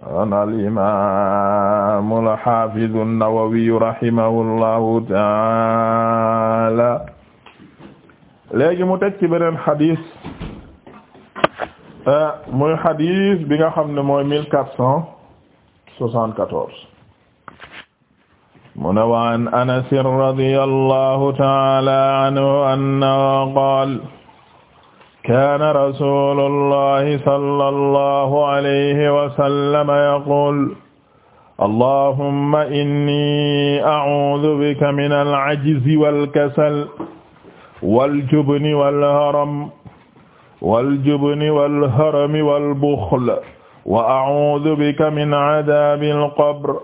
ana al-imaam al-haafiz an-Nawawi rahimahullahu taala léegi mu teg ci beneen xadis euh, muy xadis bi nga xam ne mooy mille quatre cent soixante-quatorze mu ne wa an Anas radiyallahu taala anhu annahu qaala kaana rasuulullahi sallallahu alayhi wa sallam yaqul allahumma inni a'uudu bika minal ajzi wal kasal wal jubni wal haram wal jubni wal harami wal buxli wa a'uudu bika min adaabil qabri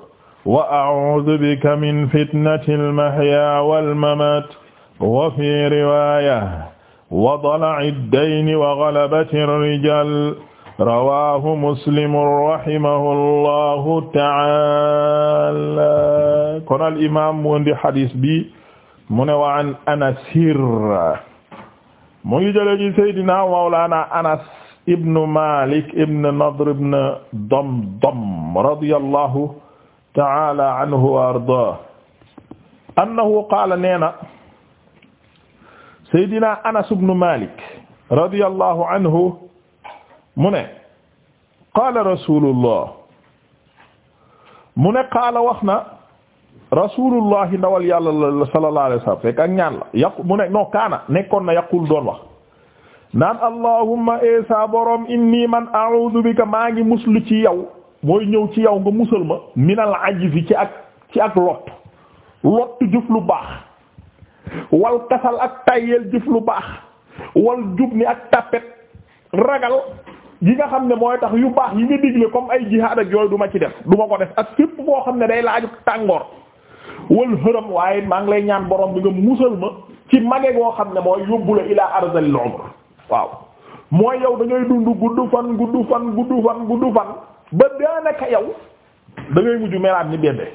wa a'uudu bika min fitnatil mahyaa wal mamaat wa fii riwaaya wa dala'i ddayni wa ghalabati rrijal rawahu muslimun rahimahullahu ta'ala kon al imam mu indi hadis bi mu ne wa an anasir mu ngi jële ci saydina mawlana anas ibnu malik ibnu nadr ibnu damdam radiyallahu ta'ala anhu wa ardaah annahu qaala neena Seydina Anas ibn Malik radiyallahu anhu mu ne qaala rasulullah mu ne qaala wax na rasulullah ndawal yàlla sallallahu alayhi wa sallam fekk ak ñaan la mu ne kaana nekkoon na yaqul doon wax naan allahumma esa borom inni man a'udhu bika maa ngi muslu ci yow mooy ñëw ci yow nga musal ma minal ajizi ci ak ci ak lot lot jëf lu baax wal kasal ak tayyeel jëf lu baax wal jub ni ak tapet ragal yi nga xam ne mooy tax yu baax yi nga digle comme ay jihaad ak yooyu du ma ci def du ko def ak fépp boo xam ne day laaju tàngoor wal hëram waaye maa ngi lay ñaan borom bi nga musal ma ci mage goo xam ne mooy yóbbu la ilaa arzalil umr waaw mooy yow dangay dund gudd fan gudd fan gudd fan gudd fan ba daanaka yow da ngay mujj melaat ni bébé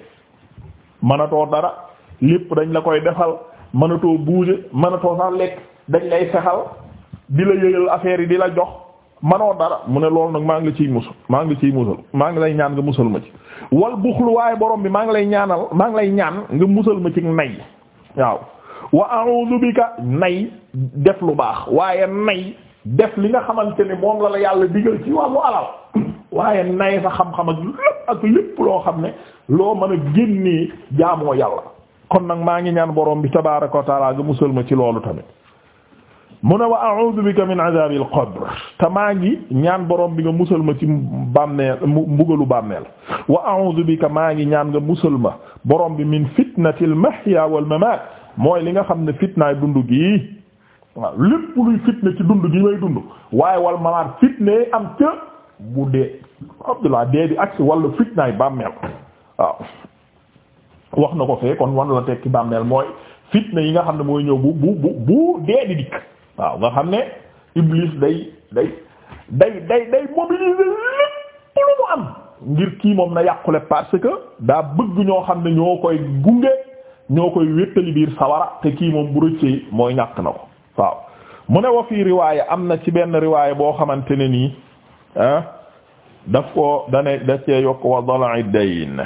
mënatoo dara lépp dañ la koy defal mënatoo bouger mënatoo sax lekk dañ lay fexal di la yëyal affaire yi di la jox manoo dara mu ne loolu nag maa ngi la ciy musal maa ngi ciy musal maa ngi lay ñaan nga musal ma ci wal buxlu bi maa ngi lay ñaanal maa ngi lay ñaan nga musal ma ci nay waaw wa a'udhu nay def lu baax waaye nay def li nga xamante ne moom la yàlla digal ci wàllu alal waaye nay sa xam-xam ak lépp ak lépp loo xam ne loo mën a génnee jaamoo yàlla kon nag maa ngi ñaan boroom bi tabaaraka wa nga musal ma ci loolu tamit mu ne wa a'uudu min azaabil qabr te maa ngi ñaan boroom bi nga musal ma ci bàmmeel mbugalu bàmmeel wa a'uudu maa ngi ñaan nga musal ma borom bi min fitnatil mahya wal mamaat mooy li nga xam ne fitnaay dund gi waaw lépp luy fitne ci dund gi may dund waaye wal mamaat fitne am ca bu dee abdullah dee bi agsi walla fitnaay bàmmeel waaw wax na ko fee kon wan la tekki bàmmeel mooy fitna yi nga xam ne mooy ñëw bu bu bu bu dee di dikk waaw nga xam ne iblis day day day day day mobiliser lépp lu mu am ngir kii moom na yàqule parce que daa bëgg ñoo xam ne ñoo koy gunge ñoo koy wéttali biir sawara te kii moom bu rëccee mooy ñàkk na ko waaw mu ne wa fii riwaaya am na ci benn riwaaya boo xamante ne nii ah, daf ko dane da cee yokk wa dala'i dayn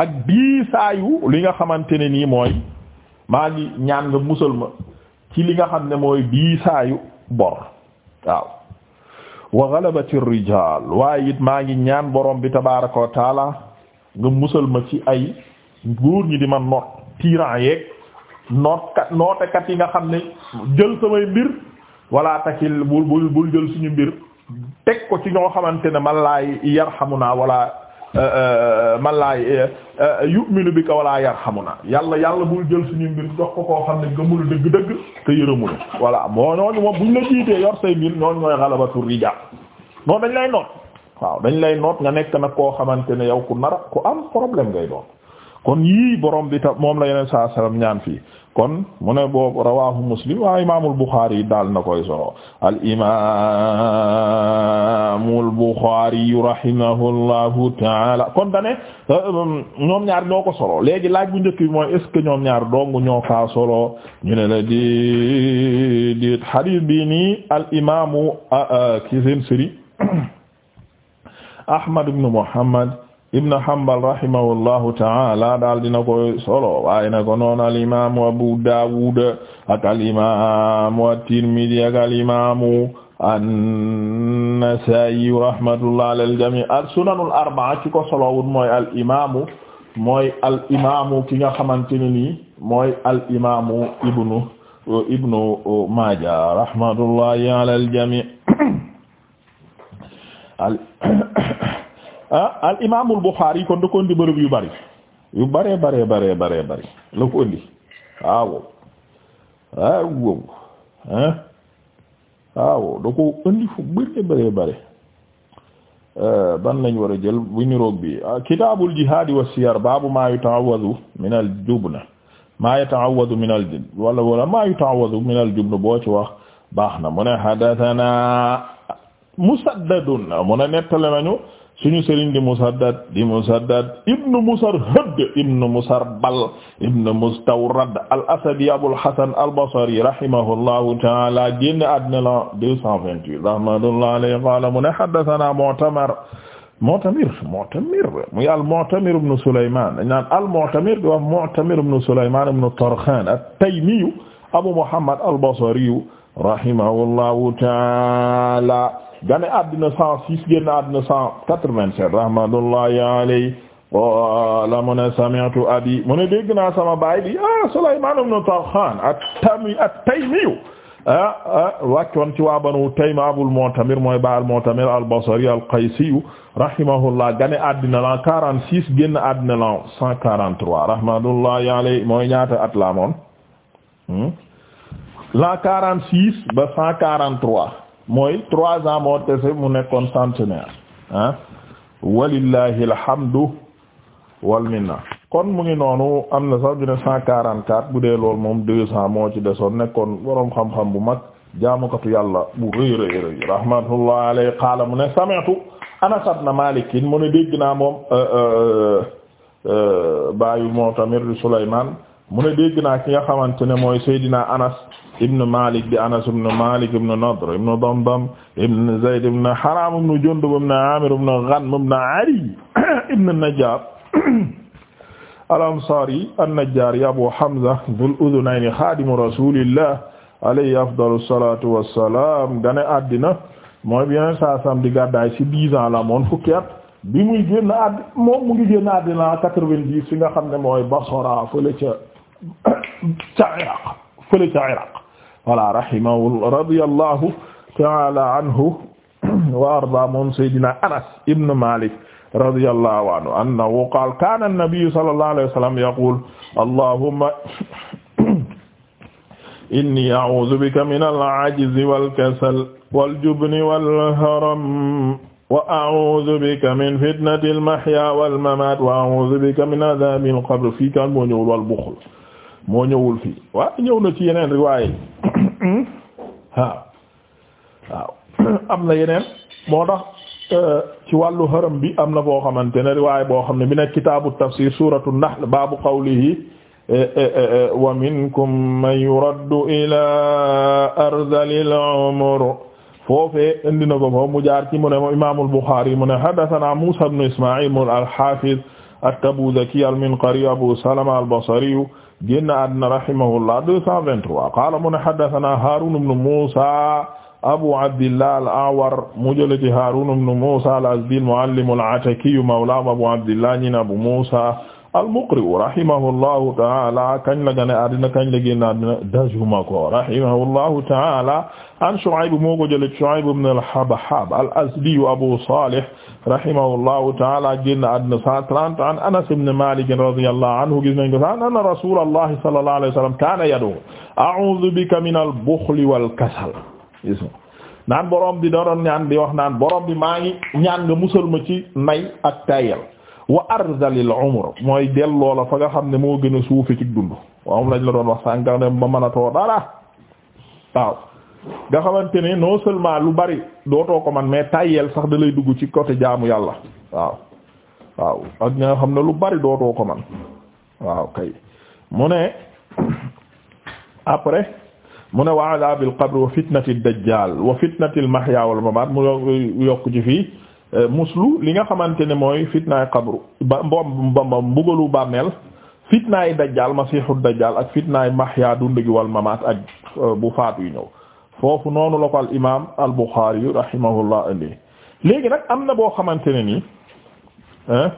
ak diisaayu li nga xamante ne nii mooy maa ngi ñaan nga musal ma ci li nga xam ne mooy diisaayu bor waaw wa ghalabati rijal waaye it maa ngi ñaan borom bi tabaraka wa nga musal ma ci ay góor ñi di ma noot tyran yeeg nootkat nootekat yi nga xam ne jël samay mbir wala takil bul bul jël suñu mbir teg ko ci ñoo xamante ne man laay yarhamuna wala Euh, euh, euh, man laay bi yu'minu bika wala yarhamuna yàlla yàlla bul jël suñu mbir jox ko koo xam ne gëmul dëgg-dëgg te yërëmul voilà moo ñooñu moom buñ la jiitee yor say mbir ñooñu ñooy xalabatu rijal noonu dañ lay noot waaw dañ lay noot nga nekk nag koo xamante ne yow ku nara ku am problème ngay doon kon yii borom bi ta moom la yeneen saa ñaan fii kon mu ne boobu rawahu muslim wa imaamul buxaari yi daal na koy solo al imaamul buxaari rahimahullahu taala kon dane ñoom ñaar ñoo solo léegi laaj bu njëkk bi mooy est-ce que ñoom ñaar dong ñoo solo ñu ne la di di xadiis bi nii al imaamu ki seen Ahmad ibn Muhammad ibn Hanbal rahimahullahu ta'ala daal dina koy solo waaye na ko noon al imaamu Abu Dawud ak al imaamu at-Tirmidhi ak al imaamu an-Nasa'i rahmatullah jami' al imaamu al imaamu ki nga xamante ne nii mooy al imaamu ibnu ibnu Maaja rahmatullahi alal jami' Ah, al imaamul Buxaari kon da ko indi bërëb yu bari yu bare bare bare bare bari la ko indi waaw waaw hein ah, waaw da ko fu bare bare bare eh, ban lañ war a jël bu ñu roog bi ah, kitaabul jihaadi wa siyar baabu maa yuta'awwadu min al jubna maa yuta'awwadu min al jubn wala wala maa min al jubn boo ci wax baax na mu ne hadathana musaddadun mu ne nettale nañu suñu sëriñ di Musaddad di Musaddad ibn Musarhad ibn Musarbal ibn Mustawrad al-Asadi Abul Hasan al-Basri rahimahullahu ta'ala génn àddina la 228 rahmatullahi alayhi qala mu ne haddathana Mu'tamar Mu'tamir Mu'tamir muy al-Mu'tamir ibn Sulayman naan al-Mu'tamir di wax Mu'tamir ibn Sulayman ibn Tarkhan at-Taymi Abu Muhammad al-Basri rahimahullahu taala gane addina cent six génn addina cent quatre vingt sama baay bi ah Sulaymaan ibn Tarxaan taymi at-Taymi ah, ah wàccoon ci waa Banu Taym Abul Mu'tamir mooy ba al-Mu'tamir al-Basri al-Qaysi rahimahullah gane addina la quarante-six mooy ñaata at la amoon hmm? l'an quarante six ba cent quarante trois mooy trois ans moo tese mu nekkoon centenaire ah walillahi alhamdu wal minna kon mu ngi noonu am na sax ñu ne cent quarante quatre bu dee loolu moom deux cent moo ci desoon nekkoon boroom xam-xam bu mag jaamukatu yàlla bu rëy rëy rëy rahmatullah alayhi qaala mu ne sami'tu Anas na Malik mu ne dégg naa moom euh, euh, euh, baayu moo tamit Sulaymaan mu ne dégg naa ki nga xamante ne mooy Seydina Anas ibn Malik di Anas ibn Malik ibn Nadr ibn Damdam ibn Zayd ibn Haram ibn Jundub ibn Amir ibn Ghanm Ali ibn Najjar al-Ansari an-Najjari Abu Hamza dhul udhunayni khadimu rasulillah alayhi afdalu salatu gane àddina mooy bi yeneen saa di gàddaay ci dix ans la moon bi muy mu ngi génn àddina quatre-vingt-dix fi nga xam ne mooy Basra ca Iraq fële ca Iraq voilà rahimahu radiyallahu ta'ala anhu wa arda moom Seydina Anas ibn Malik radiyallahu anhu annahu qaala kaana an-nabiyyu sallallahu alayhi wa sallam yaqul allahumma inni a'uuzu bika min al-'ajzi wal-kasali wal-jubni wal-harami wa a'uuzu bika min fitnati al-mahyaa wal-mamaati wa a'uuzu bika min adhaabi al-qabri fii kan moo ñëwul wal-buxl moo ñëwul fii waaw ñëw na ci yeneen riwaay waaw waaw am na yeneen moo tax euh, ci wàllu xaram bi am na boo xamante ne riwaay boo xam ne bi nekk kitaabu tafsir suratu nahl baabu qawlihi e, e, e, wa minkum man yuraddu ila arzalil umur foofee indi na ko foofu mu jaar ci mu ne moom imaamul Buxaari mu ne haddasanaa Muusaa ibn Ismaa'iil al-Haafiz at-Tabuzaki al-Minqari Abu Salama al-Basri génn àddina rahimahullah 223 qaala mu ne haddathana Haarun ibn Muusaa Abu Abdillah al-A'war mu jële ci Haarun ibn Muusaa al-Azdi al-muallim al-Ataki mawlaahum Abu Abdillah ñi Abu Muusaa al-Muqri'u rahimahullahu ta'ala kañ la gane àddina kañ la génn àddina dajuma ko rahimahullahu ta'ala an Shu'ayb moo ko jëlee Shu'ayb ibn al-Habhab al-Azdi Abu Salih rahimahullahu ta'ala génn àddina 130 an Anas ibn Malik radiyallahu anhu gis nañ ko sax anna Rasulallahi sallallahu alayhi wa sallam kaana yad'u a'udhu bika min al-bukhli wal-kasal naan borom bi da doon ñaan di wax naan borom bi maa ngi ñaan nga musal ma ci nay ak tayel wa arzalil umr mooy delloo la fa nga xam ne moo gën a suufe ci dund waaw moom lañ la doon wax sànga ne ba mën a too dara waaw nga xamante ne non seulement lu bari dootoo ko man mais tàyyeel sax dalay dugg ci côté jaamu yàlla waaw waaw ak nga xam ne lu bari dootoo ko man waaw kay mu ne après mu ne wa adabil qabr wa fitnati dajjal wa fitnati al mahya wal mamat mu yokk ci fii Euh, muslu li nga xamante ne mooy fitnaay xabru ba mbom ba mbugalu bàmmeel fitnaay dajjaal masiixu dajjaal ak fitnaay mahya dund gi wal mamaat ak euh, bu faatu yi ñëw foofu noonu la ko al imaam al buxaari yu rahimahullah indi léegi nag am na boo xamante ne nii euh,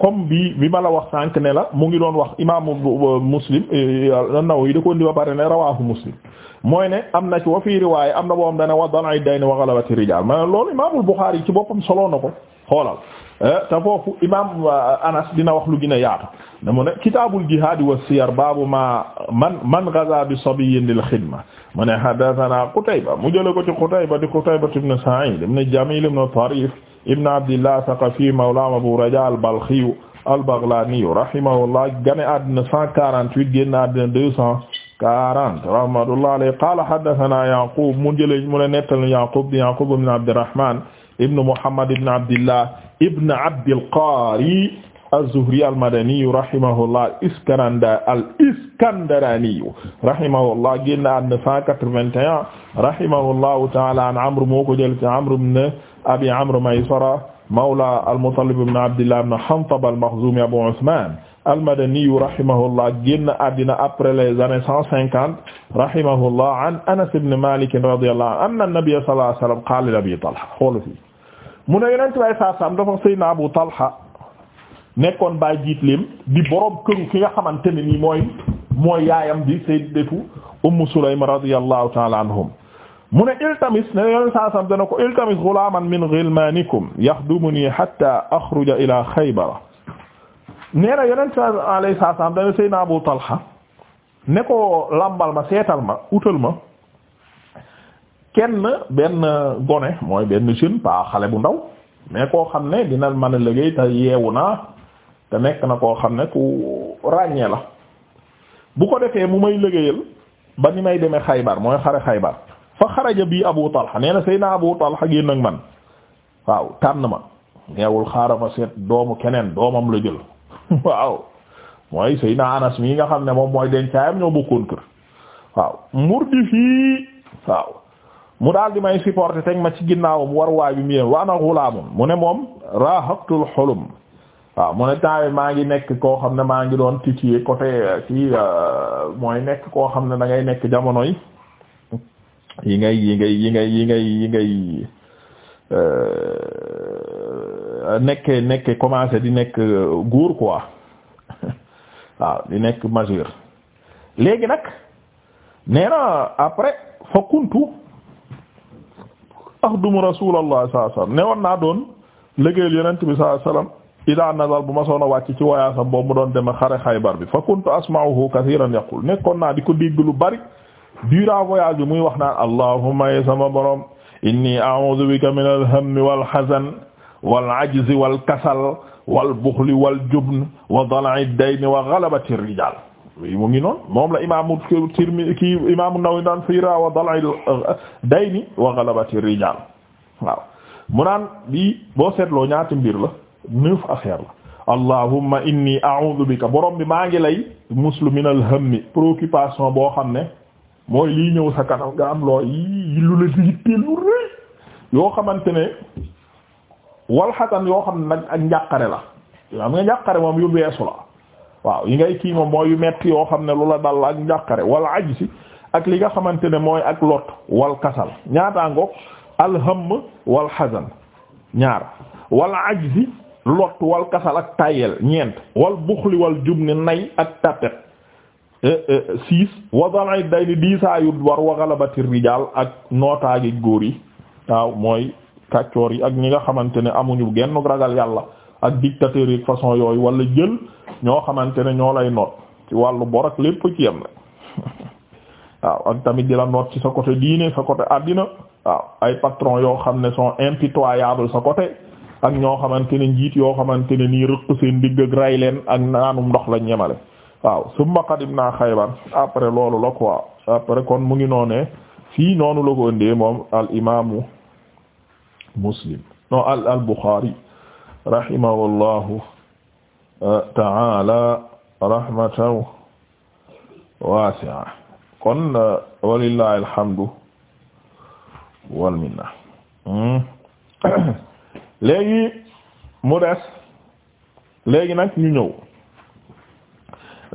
comme bii bi ma la wax sànq ne la mu ngi doon wax imaamu muslim an yi da ko indi pare ne rawaahu muslim mooy ne am na ci wa fii riwaaya am na boo am dane wa danay dayn wa ghalabati rijal ma loolu imaamul Buxaari yi ci boppam soloo na ko xoolal eh, te foofu imaam eh, Anas dina wax lu gën a yaatu da mu ne kitaabul jihaad wa siyar baabu ma man man gaza bi sabiyyin lil xidma mu ne haddathana Qutayba mu jële ko ci Qutayba di Qutayba ibn Sa'id ibn Jamil ibn Tarif ibn Abdillah Thaqafi mawla Abu Raja al-Balkhi al-Baghlani rahimahullah gane àddina 148 génn àddina 200 40 rahmatullah alayhi qala hadathana yaqub mu jële mu ne nettal yaqub yaqub ibn abdirahman ibn muhammad ibn abdillah ibn abdilqari az-zuhri al-madani rahimahullah iskandar al-iskandarani rahimahullah génn na 181 rahimahullahu ta'ala an amr moo ko jël ci amr ibn abi amr maysara mawla al-muttalib ibn abdillah ibn hantab al-makhzumi abu usman almadaniyu rahimahullah génn àddina après les années cent cinquante rahimahullah an anas ibn malik radiyallahu anhu anna nabiyya sallallahu alayhi wa sallam qaala li abi talha xoolu fii mu ne yonent way saa sam dafa sayyidina abu talha nekkoon baay jiitlim di boroom këru ki nga xamante ne nii mooy mooy yaayam di sayyidatu ummu sulaym radiyallahu ta'ala anhum mu ne iltamis ne yonent saa sam dana ko iltamis ghulaman min ghilmanikum yakhdumuni hatta akhruja ila khaybara nee na yonent alayhi salaam dana Seydina Abu Talha ne ko làmbal ma seetal ma utal ma kenn benn gone mooy benn jeune pas xale bu ndaw mais koo xam ne dina man a liggéey te yeewu naa te nekk na koo xam ne ku ràññee la bu ko defee mu may liggéeyal ba ni may demee Xaybar mooy xare Xaybar fa xaraja bii Abu Talha nee na Seydina Abu Talha génn ak man waaw tànn ma neewul xaaral ma seet doomu keneen doomam la jël waaw mooy Seydina Anas mii nga xam ne moom mooy dencaayam ñoo bokkoon kër waaw murdi fii waaw mu daal di may supporté teg ma ci ginnaawam war waay bi mu yéen wa ana xulaamun mu ne moom rahaqtul xulum waaw mu ne temps maa ngi nekk koo xam ne maa ngi doon titillé côté ci euh, euh, mooy nekk koo xam ne dangay nekk jamono yi yi yi ngay yi ngay yi ngay yi ngay euh, nekke nekke commencé di nekk euh, góor quoi waaw di nekk majeur léegi nag nee na après fa kuntu axdumu rasulullah sallallahu alayhi wasallam ne woon naa doon liggéeyal yonent bi sallallahu alayhi wasallam ida nazar bu ma soon a wàcc ci wayaasam boobu mu doon deme xare xaybar bi fa kuntu asma'uhu kathiran yaqul nekkoon naa di ko dégg lu bari durant voyage bi muy wax naan allahumma sama borom inni a'udhu bika min al-hammi wal hazan wal ajzi wal kasal wal buxli wal jubn wa dala'i dayni wa ghalabati rijal mu ngi noonu moom la imaamu Tirmidhi kii imaamu Nawawi daan fiira wa dala'i dayni wa ghalabati rijal waaw mu naan bi boo seetloo ñaata mbir la neuf affaire la allahumma inni a'udhu bika borom bi maa ngi lay muslu min al hammi préoccupation boo xam ne mooy lii ñëw sa kanam nga am loo yi lu la di yitteel lu rëy yoo xamante ne wal xasan yoo xam ne nag ak njàqare la xam nga njàqare moom yu beesu la waaw yi ngay kii moom mooy yu metti yoo xam ne lu la dal ak njàqare wal ajsi ak li nga xamante ne mooy ak lot wal kasal ñaataango alhamm wal xasan ñaar wal ajsi lot wal kasal ak tayel ñeent wal buxli wal jubni nay ak tapet eh, eh, six wadanay day ni diisaayu war wa galabati rijaal ak nootaagi góor yi waaw mooy kàccoor yi ak ñi nga xamante ne amuñu bu genn ragal yàlla ak dictateurs yi façon yooyu wala jël ñoo xamante ne ñoo lay noot ci wàllu bor lépp ci yem la waaw ak tamit di la noot ci sa côté diine sa côté àddina waaw ay patron yoo xam ne sont impitoyables sa côté ak ñoo xamante ne njiit yoo xamante ne nii rëq seen digg ak ray leen ak naanum ndox la ñemale waaw summa qadimna Xaybar après loolu la quoi après kon mu ngi noonee fii noonu la ko muslim no al al Bukhari rahimahullahu eh, ta'ala rahmatan wasi'a kon eh, walillahi alhamdu wal minna hmm? léegi mu des léegi nag ñu ñëw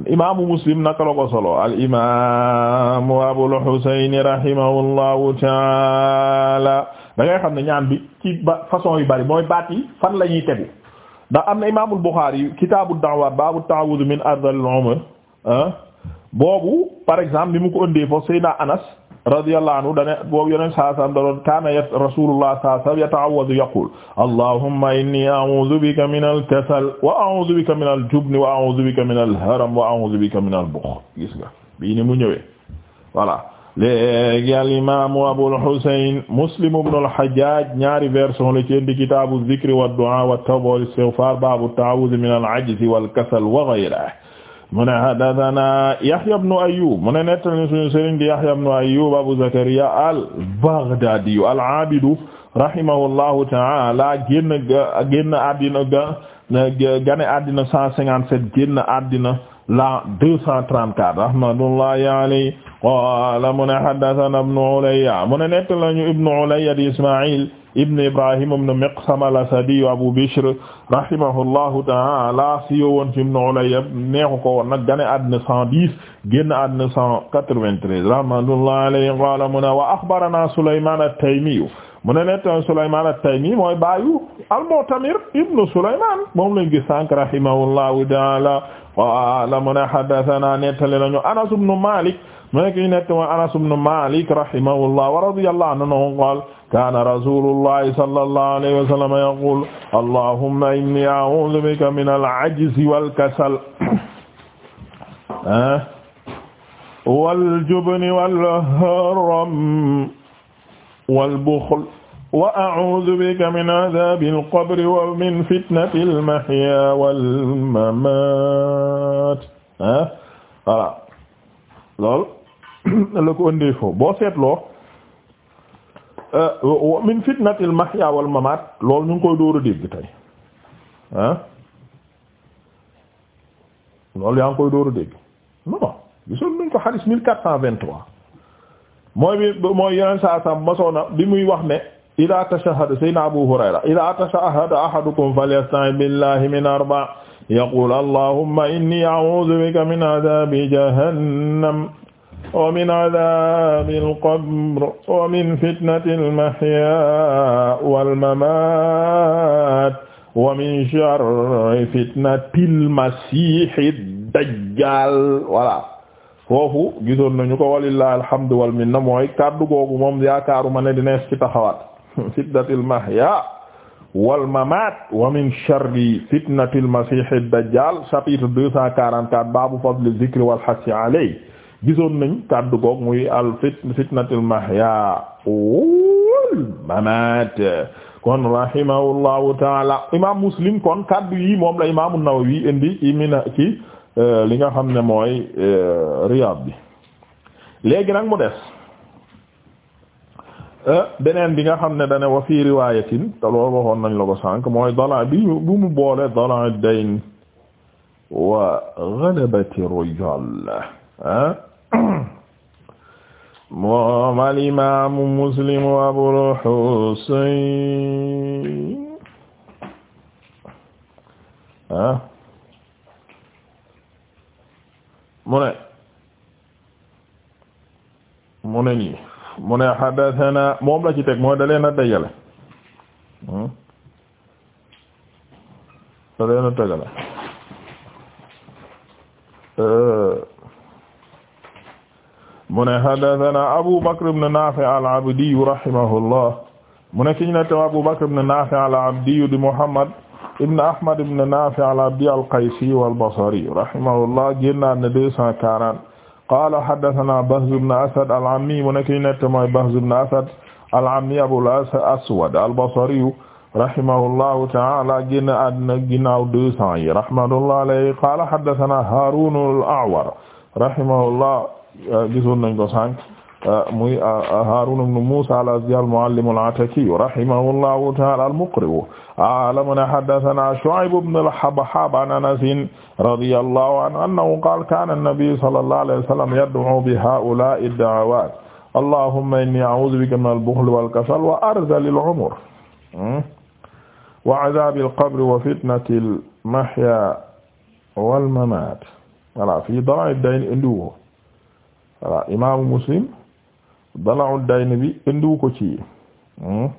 imaamu muslim naka la ko solo al imaamu abul husayn rahimahullahu ta'ala da ngay xam ne ñaan bi ci façon yu bari mooy baat yi fan la ñuy tegu ndax am na imaamul Buxaari kitaabu da'waat baabu ta'awudh min ardhil umr ah, boobu par exemple bi mu ko ëndee foofu Seydina Anas radiyallahu anhu dane saa sam da doon kaana ya rasulullah saa sam yata'awwadhu yaqul inni a'udhu bika min al-kasal wa a'udhu bika min al-jubn wa a'udhu bika min al-haram wa a'udhu bika min al-bukhl gis nga bii ni mu ñëwee voilà léegi al imaamu Abul Husayn Muslim ibn al-Hajjaj ñaari version la ci indi kitaabu zikri wa du'a wa tawba wal istighfar baabu ta'awudh min al-'ajz wal kasal wa ghayrihi mu ne haddathana Yahya ibn Ayyub mu ne nettali suñu sëriñ di Yahya ibn Ayyub Abu Zakariya al-Baghdadi al-'abid rahimahullahu ta'ala génn génn àddina gane àddina 157 génn àddina la 234 rahmatullahi alayhi qaala mu ne haddathana ibnu Ulayya mu ne nett lañu ibnu Ulayya di Ismaa'il ibnu Ibrahim ibnu Miqsam al-Asadi Abu Bishr rahimahullahu ta'ala si yowoon ci ibnu Ulayya neexu ko woon nag gane àddina 110 génn àddina 193 rahmatullahi alayhi qaala mu ne wa axbarana Sulaymaan at-Taymi mu ne nett Sulaymaan at-Taymi mooy baayu al-Mu'tamir ibnu Sulaymaan moom lañ gis sànq rahimahullahu ta'ala qaala mu ne haddathana nettali nañu Anas ibnu Maalik ma ki nekk ma Anas ibn Malik rahimahullah wa radiyallahu anhu qaal kaana rasulullahi sallallahu alayhi wa sallam yaqul allahumma inni a'udhu bika min al-'ajzi wal-kasal eh, wal-jubni wal-haram wal-bukhl wa a'uuzu bika min azaabil qabri wa min fitnatil mahyaa wal mamaat ah eh, voilà loolu la ko ëndee foofu boo euh, min fitnatil mahya wal mamat loolu koy dóor a tey ah loolu yaa ngi koy dóor a dégg non gisoon nañ ko xadis mille quatre cent vingt-trois mooy bi mooy yeneen saa bi muy wax ne ida tashahhada sayna Abu Hurayra ida tashahhada ahadukum falyasta'in billahi min arba yaqul allahumma inni a'udhu bika min adhabi jahannam wa min adaabi alqabr wa min fitnati almahyaa walmamaat wa min sharri fitnati almasiihi dajjaal voilà foofu gisoon nañu ko walillahi alhamdu wal minna mooy kàddu googu moom yaakaaruma ne dinees ci taxawaat fitnati almahyaa walmamaat wa min sharri fitnati almasiihi dajjaal chapitre 244 baabu fadli dhikri wal hassi alayhi gisoon nañ kàddu goog muy al fit fitnatul mahya wal mamat kon rahimahullahu taala imam muslim kon kàddu yi moom la imam an-Nawawi indi imina ci euh, li nga xam ne mooy euh, Riyad bi léegi nag mu des euh, beneen bi nga xam ne dane wa fii riwayatin te loolu waxoon nañ la ko sànq mooy dala bi bu mu boole dala dayn wa ghalabati rijal ah moom al imaamu Muslim Abul Husayn ah mu ne mu ne nii mu ne haddathana moom la ci teg mooy da leen a dajale hmm? da leen a dajale mu ne haddathana Abu Bakr ibn Nafi' al-Abdi rahimahullah mu ne ki ñu ne tam Abu Bakr ibn Nafi' al-Abdi di Muhammad ibn Ahmad ibn Nafi' al-Abdi al-Qaysi wal-Basri rahimahullah génnaat na deux cent quarante qaala haddathana Bahz ibn Asad al-Ammi mu ne ki ñu ne tam mooy Bahz ibn Asad al-Ammi Abul Aswad al-Basri rahimahullahu ta'ala génnaat na ginnaaw deux cent yi rahmatullahi alayhi qaala haddathana Harun al-A'war rahimahullah Euh, gisoon nañ ko sànq euh, muy euh, Haaruna ibn Muusaa al-Azdi al-muallim al-Ataki rahimahullahu ta'ala al-muqri alamana haddathana Shu'ayb ibn al-Habhab an Anas radiyallahu anhu annahu qaala kaana an-nabiyyu sallallahu alayhi wa sallam yad'u bi haa'ulaa'i ad-da'awaat allahumma inni a'uudhu bika min al-bukhli wal-kasali wa arzali al-'umri hmm? wa 'adhaabi al-qabri wa fitnati al-mahyaa wal-mamaat voilà fii dal'i ad-dayn indiwoo voilà imaamu muslim dala'u dayn bi indiwu ko ci hmm?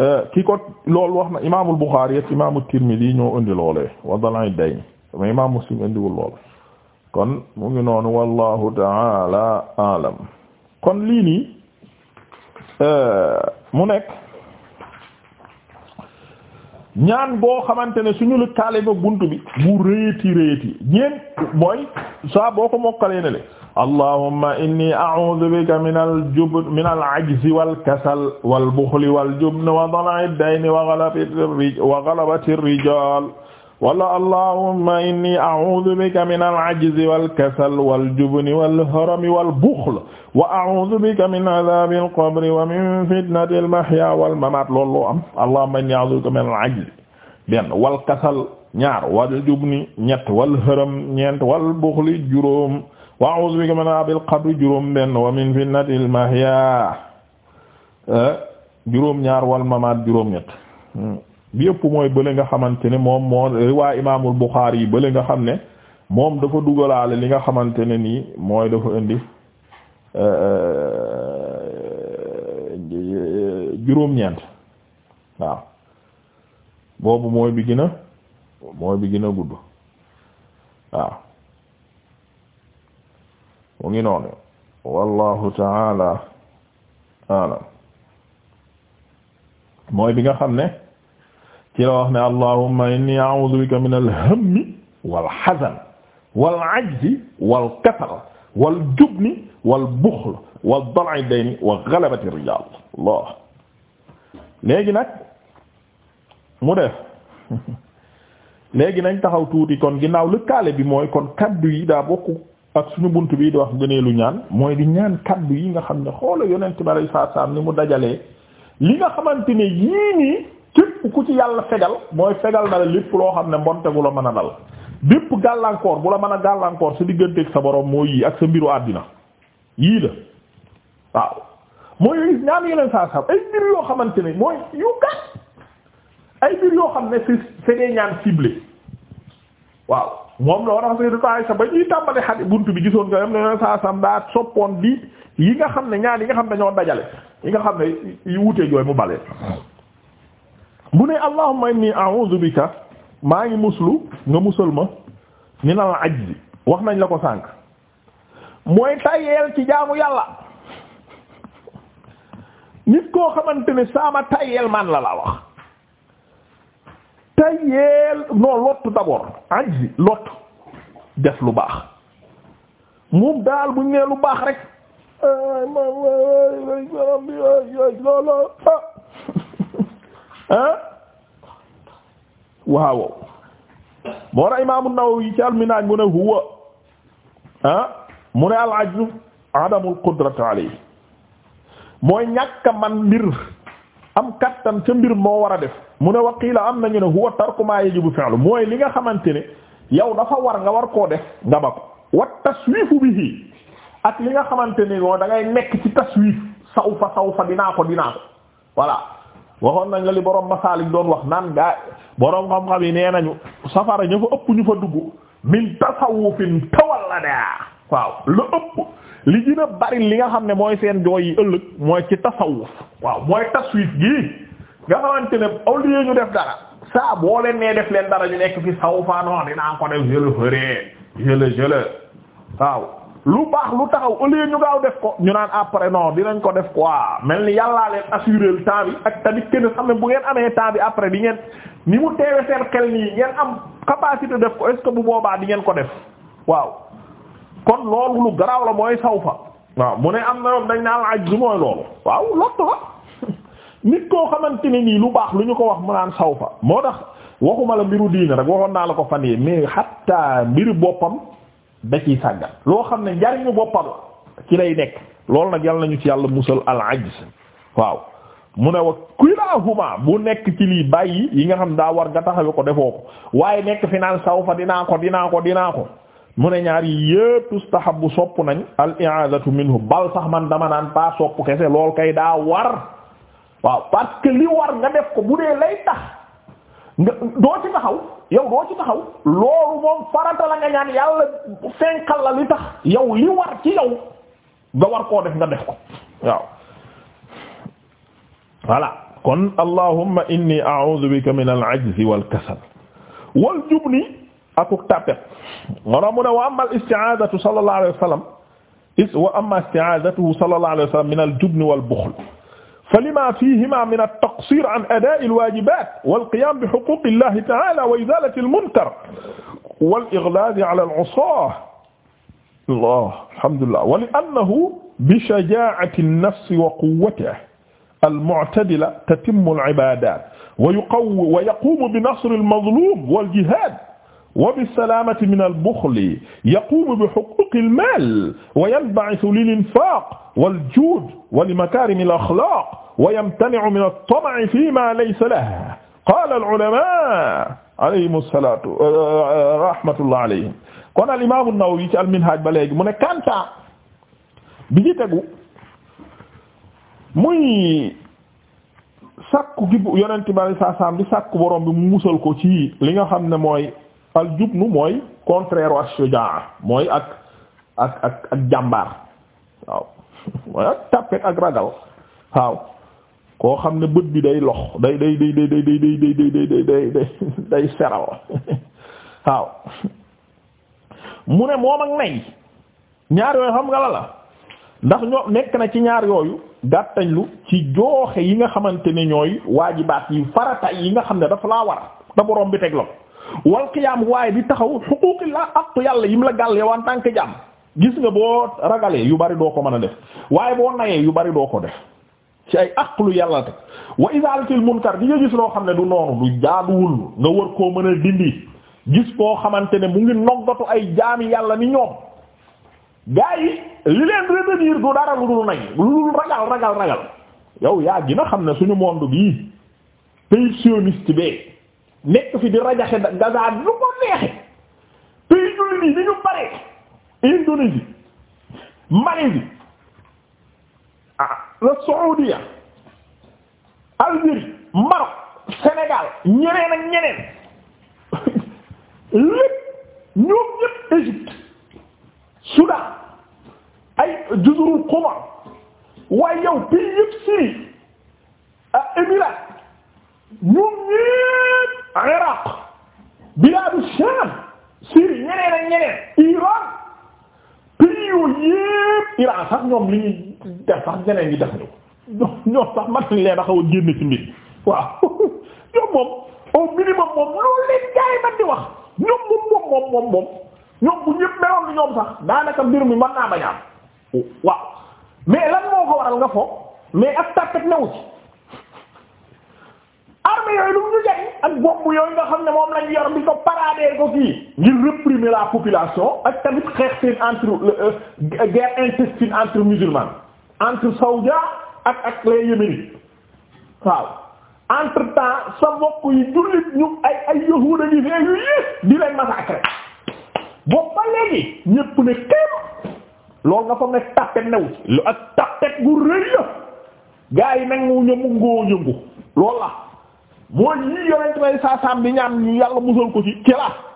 euh, ki ko loolu wax na imaamul Buxaari ak imaamu Tirmidi ñoo indi loolee wa dala'u dayn sama imaamu muslim indiwul lool kon mu ngi noonu wallahu ta'ala a'lam kon lii nii euh, mu nekk ñaan boo xamante ne suñu lu kaale ba bunt bi bu réeti réeti ñeen mooy saa boo ko mokkalee ne le allahumma inni a'udhu bika min al-jubn min al-'ajzi wal-kasal wal-bukhli wal-jubn wa dala'i ad-dayni wa ghalabati ar-rijal wala allahumma inni a'uudu bika min al-'ajzi wal-kasali wal-jubni wal-harami wal-buxli wa a'uudu bika min 'adhaabi al-qabri wa min fitnati al-mahyaa wal-mamaat loolu loo am allahumma inni a'uudu bika min al-'ajzi benn wal-kasal ñaar wal-jubni ñett wal-haram ñeent wal-buxli juróom wa a'uudu bika min 'adhaabi al-qabri juróom benn wa min fitnati al-mahyaa eh, juróom ñaar wal-mamaat juróom ñett hmm. bi yëpp mooy bële nga xamante ne moom moo riwaay imaamul Buxaari yi bële nga xam ne moom dafa duggalaale li nga xamante ne nii mooy dafa indi euh, euh, juróom-ñeent waaw boobu mooy bi gën a mooy bi gën a gudd waaw mu ngi noonu wallahu taala alam mooy bi nga xam ne ci la wax ne allahumma inni a'udhu bika min al-hammi wal hazan wal ajzi wal kasal wal jubni wal buxl wal dal'i wa ghalabati Allah léegi nag mu def léegi nañ taxaw tuuti kon ginnaaw lëkkaale bi mooy kon kaddu yi daa bokk ak suñu bunt bi di wax lu ñaan mooy di ñaan kaddu yi nga xam ne xoola yonent bi sallallahu alayhi wasallam ni mu dajalee li nga xamante ne yii nii ku ci yàlla fegal mooy fegal na lépp loo xam ne mbonte gu la mën a dal bépp gàllankoor bu la mën a gàllankoor sa digganteeg sa borom moo yii ak sa mbiru àddina yii la waaw mooy yooyu ñaan yoo xamante ne mooy yu gas ay mbir yoo xam ne c'est c'est des ñaan ciblés waaw moom la war a xasee dafay sa ba ñuy tàmbali xati buntu bi gisoon nga yam ne saa sam daa soppoon di yi nga xam ne ñaan yi nga xam ne dañoo dajale yi nga xam ne yu wuteeg yooyu mu bale bu ne allahumma inni a'udhu maa ngi muslu nga musal ma min al ajzi wax nañ la ko sànq mooy tayeel ci jaamu yàlla nit koo xamante ne saama tayeel man la laa wax tayeel non lottu d'abord ajzi lottu def lu baax moom daal buñ nee lu baax rek waaw moo na imaamu Nawawi ci alminaaj mu ne huwa ah mu ne al ajzu adamul qudratu alayhi mooy ñàkka man mbir am kattan ca mbir moo war a def mu ne waqiila am nañu ne huwa tarku ma yajibu fi'lu mooy li nga xamante ne yow dafa war nga war koo def nga ba ko wa taswifu bihi ak li nga xamante ne moo da ngay nekk ci taswif saw fa dinaa ko dinaa ko voilà waxoon nañ la li borom masaalik doon wax naan gaa boroom xam-xam yi nee nañu safara ñu ëpp ñu fa dugg min tasawufin tawallada waaw lu ëpp li gën a bari li nga xam ne mooy seen jooy yi ëllëg mooy ci tasawuf waaw mooy taswif gii nga xamante ne au ñu def dara saa leen nee def leen dara ñu nekk fi sawfaanoo dinaa ko def je le ferai je le je le waaw lu baax lu taxaw au lieu ñu gaaw def ko ñu naan après non dinañ ko def quoi mel ni yàllaa leen assuré le temps bi ak tamit kenn xam ne bu ngeen amee temps bi après dingeen ni mu teewe seen xel nii ngeen am capacité def ko est ce que bu boobaa di ngeen ko def waaw kon loolu lu garaaw la mooy saw fa waaw mu ne am na yoon dañ naan ajzu mooy loolu waaw lott la nit koo xamante ne nii lu baax lu ñu ko wax mu naan saw fa moo tax waxuma la mbiru diina rek waxoon naa ko fan yi mais hatta mbir boppam da ciy sàggal loo xam ne njariñu boppam la ci lay nekk loolu nag yàlla nañu ci yàlla musal al ajz waaw mu ne wa kilahuma bu nekk ci lii bàyyi yi nga xam daa war nga taxawe ko defoo ko waaye nekk fi naan saw fa dinaa ko dinaa ko dinaa ko mu ne ñaar yi yëpp tustahabu sopp nañ al i'adatu minhu bal sax man dama naan pas sopp kese lool kay daa war waaw parce que li war nga def ko bu dee lay tax doo ci taxaw yow doo ci taxaw loolu moom farata la nga ñaan yàlla fenkal la li tax yow li war ci yow nga war koo def nga def ko waaw voilà kon allahumma inni a'udhu bika min al-'ajzi wal-kasal wal-jubni akuk tapet mona mu ne wa amma al-isti'adatu sallallahu alayhi wa sallam wa amma isti'adatuhu sallallahu alayhi wa sallam min al-jubni wal-bukhl fa lima fihima min at-taqsir an ada'i al-wajibat wal-qiyam bi huquq Allah ta'ala wa izalati al-munkar wal-ighlaz 'ala al-'usah Allah alhamdulillah wa li'annahu bi shaja'ati an-nafs wa quwwatiha al-mu'tadila tatimmu al-'ibadat wa yuqawwi wa yaqumu bi nasri al-mazlum wal-jihad wa bissalaamati minal buxli yaquumu bi xuquuqil maal wa yanba'isu lil infaaq wal juud wa li makaarimil axlaaq wa yamtani'u minat tama'i fiimaa laysa lahu qaalal ulamaa alayhimu salaatu rahmatullahi alayhim kon al imaamu Nawawi ci al-Minhaaj ba léegi mu ne Kantaa bi ci tegu muy sakku gi Yonent bi saa saam di sakku borom bi mu musal ko ci li nga xam ne mooy. al jubnu mooy contraire ak shujaa mooy ak ak ak jàmbaar waaw mooy ak tàppet ak ragal waaw koo xam ne bët bi day lox day day day day day day seral waaw mu ne moom ak nay ñaar yooyu xam nga la la ndax ñoo nekk na ci ñaar yooyu gàttañlu ci jooxe yi nga xamante ne ñooy waajibaat yi farata yi nga xam ne dafa laa war te bi teg la wal qiyaam waaye di taxaw laa aktu yàlla yim la gàll yow en tant que gis nga boo ragalee yu bari doo ko mën a def waaye boo nayee yu bari doo ko def ci ay aqlu yàlla te wa izalatil munkar di nga gis loo xam ne du noonu du jaaduwul nga war koo mën a dindi gis koo xamante ne mu ngi noggatu ay jaami yàlla ni ñoom gaa yi li leen retenir du dara lu dul nay lu dul ragal ragal ragal yow yaa gina xam ne suñu monde bi pétionniste bee nekk fi di rajaxe Gaza lu ko neexe pays jullit yi ni ñu ah, la Saoudia Algérie Maroc Sénégal ñeneen ak ñeneen lépp ñoom ñépp Égypte Soudan ay jusurul xuma waaye yow pays yépp Syrie ah Émirats ñoom ñépp Iraq bilaadu Sham Syrie ñeneen ak ñeneen Iran pays yépp Iran sax ñoom li ñuy def sax ñeneen ñi def ñu ñoom sax man leen a xaw ñoom moom moom moom moom moom ñoom bu ñëpp meloon ni ñoom sax daanaka mbir mi mën naa bañ am waaw mais lan moo ko waral nga foog mais ak tàkkat newu ci arme yooyu lu ñu jariñ ak bopp yooyu nga xam ne moom lañ yor bi ko parader ko fii ngir réprimer la population ak tamit xeex seen entre euh, guerre intestine entre musulmans entre saoudia ak ak les yéménites waaw entre temps sa mbokk yi jullit ñu ay ay yahuda yi fee yu yées di leen massacrer boobu ba léegi ñépp ne kenn loolu nga ko ne tapet new lu ak tapet gu rëy la gaa yi nag mu ñëmu ngoo yëngu loolu la mooy ñii yonent saa saa saam bi ñaan ñu yàlla musal ko ci kela